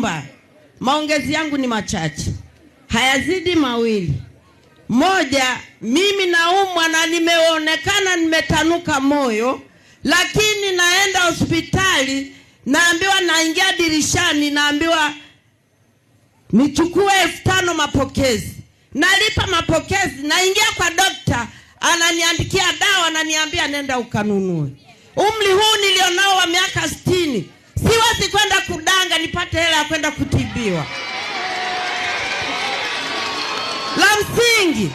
kuomba. Maongezi yangu ni machache, hayazidi mawili. Moja, mimi naumwa na nimeonekana nimetanuka moyo, lakini naenda hospitali, naambiwa, naingia dirishani, naambiwa nichukue elfu tano mapokezi. Nalipa mapokezi, naingia kwa dokta, ananiandikia dawa, ananiambia nenda ukanunue. Umri huu nilionao wa miaka sitini Siwezi kwenda kudanga nipate hela ya kwenda kutibiwa. La msingi,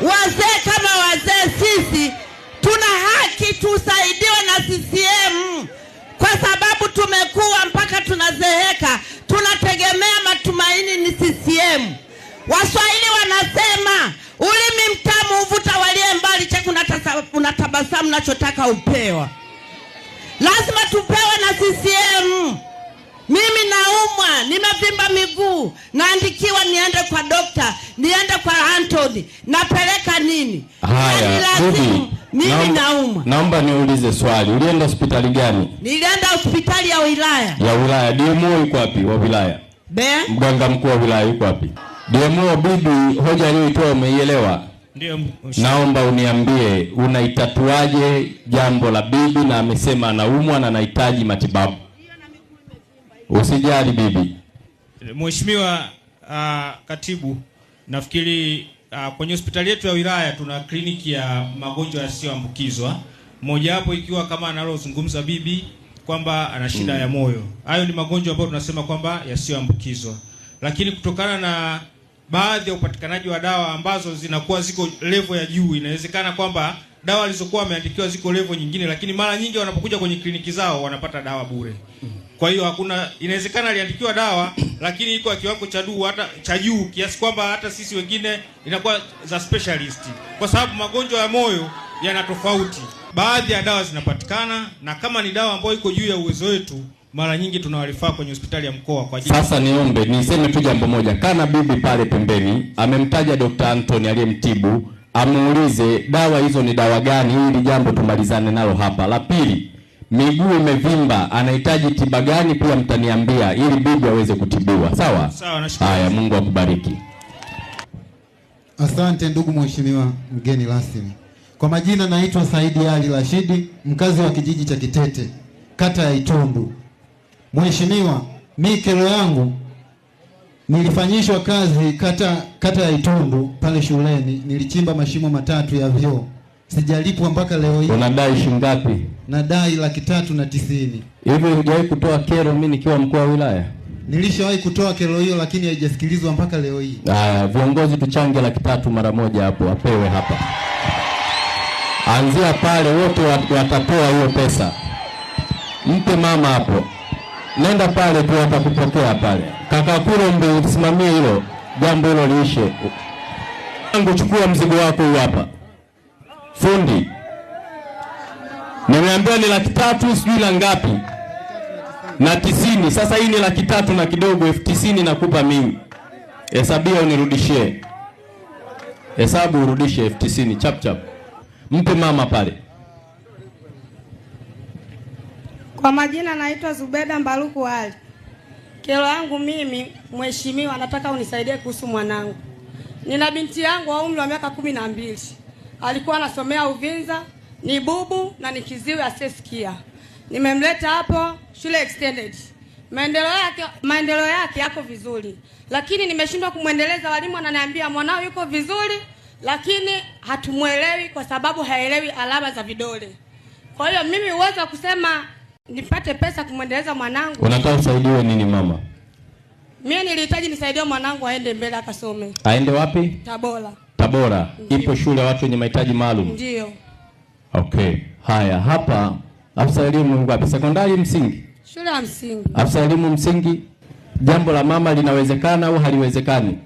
wazee kama wazee, sisi tuna haki tusaidiwe na CCM kwa sababu tumekuwa mpaka tunazeeka, tunategemea matumaini ni CCM. Waswahili wanasema ulimi mtamu huvuta waliye mbali, cheki unatabasamu, nachotaka upewa lazima tupewe na CCM. Mimi naumwa, nimevimba miguu, naandikiwa niende kwa dokta, niende kwa Anthony, napeleka nini? Haya, Bibi, yaani mimi naomba, naumwa. Naomba niulize swali, ulienda hospitali gani? Nilienda hospitali ya wilaya ya wilaya. DMO yuko wapi wa wilaya? Be? Mganga mkuu wa wilaya yuko wapi? DMO, bibi, hoja aliyoitoa umeielewa? Naomba uniambie unaitatuaje jambo la bibi na amesema anaumwa na anahitaji matibabu. Usijali bibi. Eh, mheshimiwa uh, katibu, nafikiri uh, kwenye hospitali yetu ya wilaya tuna kliniki ya magonjwa yasiyoambukizwa, mojawapo ikiwa kama analozungumza bibi kwamba ana shida mm. ya hmm. moyo. Hayo ni magonjwa ambayo tunasema kwamba yasiyoambukizwa, lakini kutokana na baadhi ya upatikanaji wa dawa ambazo zinakuwa ziko levo ya juu. Inawezekana kwamba dawa alizokuwa wameandikiwa ziko levo nyingine, lakini mara nyingi wanapokuja kwenye kliniki zao wanapata dawa bure. Kwa hiyo hakuna, inawezekana aliandikiwa dawa lakini iko kiwango cha juu hata cha juu kiasi kwamba hata sisi wengine inakuwa za specialist, kwa sababu magonjwa ya moyo yana tofauti. Baadhi ya dawa zinapatikana, na kama ni dawa ambayo iko juu ya uwezo wetu mara nyingi tunawalifaa kwenye hospitali ya mkoa kwa ajili. Sasa niombe niseme tu jambo moja, kana bibi pale pembeni amemtaja Dr. Anthony aliyemtibu, amuulize dawa hizo ni dawa gani, ili jambo tumalizane nalo hapa. La pili, miguu imevimba, anahitaji tiba gani? Pia mtaniambia ili bibi aweze kutibiwa. Sawa sawa, nashukuru. Haya, Mungu akubariki. Asante ndugu mheshimiwa mgeni rasmi. Kwa majina naitwa Saidi Ali Rashidi, mkazi wa kijiji cha Kitete, kata ya Itumbu. Mheshimiwa, mi kero yangu nilifanyishwa kazi kata, kata ya Itundu pale shuleni, nilichimba mashimo matatu ya vyoo sijalipwa mpaka leo hii. Unadai shilingi ngapi? Nadai laki tatu na tisini. Hivi hujawahi kutoa kero mimi nikiwa mkuu wa wilaya? Nilishawahi kutoa kero hiyo, lakini haijasikilizwa mpaka leo hii. Ah, viongozi tuchange laki tatu mara moja hapo, apewe hapa, anzia pale, wote watapoa hiyo pesa. Mpe mama hapo nenda pale tu, atakupokea pale. Kaka Kulumbi, usimamie hilo jambo, hilo liishe. Yangu, chukua mzigo wako huu hapa. Fundi nimeambiwa ni laki tatu sijui la ngapi na tisini. Sasa hii ni laki tatu na kidogo, elfu tisini nakupa mimi, hesabia unirudishie, hesabu urudishe elfu tisini chap chap, mpe mama pale. Kwa majina naitwa Zubeda Mbaruku Ali. Kero yangu mimi, mheshimiwa, nataka unisaidie kuhusu mwanangu. Nina binti yangu wa umri wa miaka kumi na mbili, alikuwa anasomea Uvinza, ni bubu na ni kiziwi asiyesikia. Nimemleta hapo shule extended, maendeleo yake maendeleo yake yako vizuri, lakini nimeshindwa kumwendeleza. Walimu wananiambia mwanao yuko vizuri, lakini hatumwelewi kwa sababu haelewi alama za vidole. Kwa hiyo mimi uwezo wa kusema nipate pesa kumwendeleza mwanangu. Unataka usaidiwe nini mama? Mimi nilihitaji nisaidie mwanangu aende mbele akasome. Aende wapi? Tabora. Tabora. Ndiyo. Ipo shule watu wenye mahitaji maalum. Ndio. Okay. Haya, hapa afisa elimu ngapi? Sekondari, msingi? Shule ya msingi. Afisa elimu msingi, jambo la mama linawezekana au haliwezekani?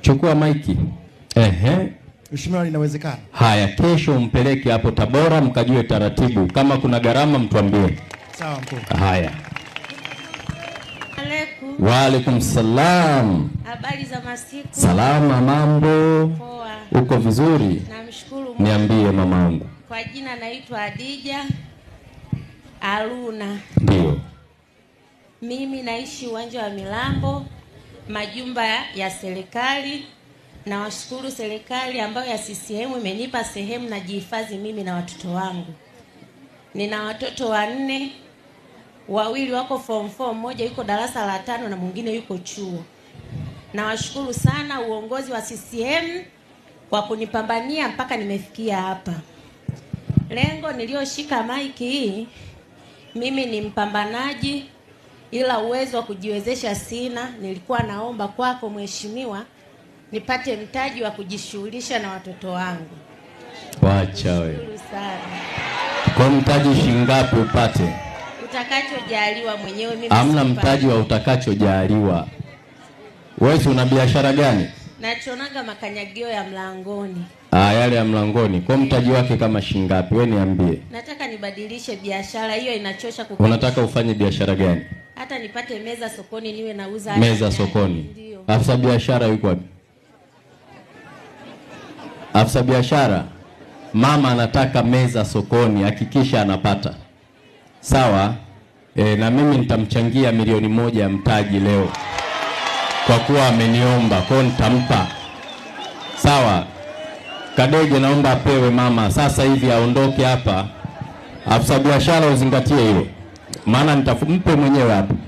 Chukua maiki. Ehe. Mheshimiwa, linawezekana. Haya, kesho mpeleke hapo Tabora mkajue taratibu, kama kuna gharama mtuambie. Sawa mkuu. Haya. salam. Habari za masiku? Salama, mambo? Poa. Uko vizuri? Namshukuru Mungu. Niambie mamangu. Kwa jina naitwa Adija Aruna. Ndio. Mimi naishi uwanja wa Milambo, majumba ya serikali. Nawashukuru serikali ambayo ya CCM imenipa sehemu na jihifadhi mimi na watoto wangu. Nina watoto wanne wawili wako form four, mmoja yuko darasa la tano na mwingine yuko chuo. Nawashukuru sana uongozi wa CCM kwa kunipambania mpaka nimefikia hapa. Lengo niliyoshika maiki hii, mimi ni mpambanaji, ila uwezo wa kujiwezesha sina. Nilikuwa naomba kwako mheshimiwa, nipate mtaji wa kujishughulisha na watoto wangu. Wacha wewe. Kwa mtaji shingapi upate? utakachojaliwa mwenyewe. Mimi hamna mtaji wa utakachojaliwa. Wewe si una biashara gani? Nachonaga makanyagio ya mlangoni. Ah, yale ya mlangoni. Kwa mtaji wake kama shingapi? Wewe niambie. Nataka nibadilishe biashara hiyo, inachosha kukaa. Unataka ufanye biashara gani? Hata nipate meza sokoni niwe nauza. Meza sokoni. Afisa biashara yuko wapi? Afisa biashara, mama anataka meza sokoni, hakikisha anapata. Sawa e, na mimi nitamchangia milioni moja ya mtaji leo kwa kuwa ameniomba, kwao, nitampa. Sawa, Kadege naomba apewe mama sasa hivi, aondoke hapa. Afisa biashara uzingatie hilo, maana nitampe mwenyewe hapa.